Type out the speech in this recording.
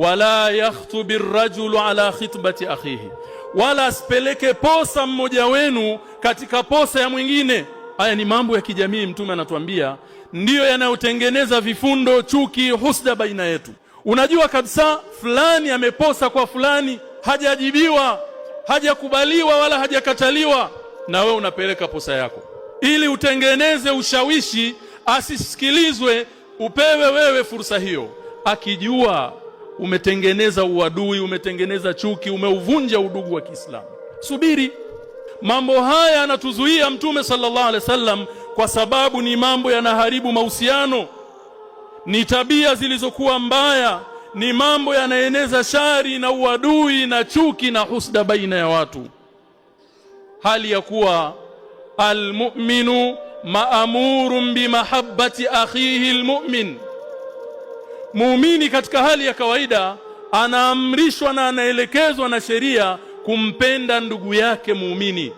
wala yakhtubi rajulu ala khitbati akhihi wala asipeleke posa mmoja wenu katika posa ya mwingine haya ni mambo ya kijamii mtume anatuambia ndiyo yanayotengeneza vifundo chuki husda baina yetu unajua kabisa fulani ameposa kwa fulani hajajibiwa hajakubaliwa wala hajakataliwa na we unapeleka posa yako ili utengeneze ushawishi asisikilizwe upewe wewe fursa hiyo akijua umetengeneza uadui, umetengeneza chuki, umeuvunja udugu wa Kiislamu. Subiri, mambo haya yanatuzuia Mtume sallallahu alaihi wasallam, kwa sababu ni mambo yanaharibu mahusiano, ni tabia zilizokuwa mbaya, ni mambo yanaeneza shari na uadui na chuki na husda baina ya watu, hali ya kuwa almu'minu maamurun bimahabbati akhihi almu'min Muumini katika hali ya kawaida anaamrishwa na anaelekezwa na sheria kumpenda ndugu yake muumini.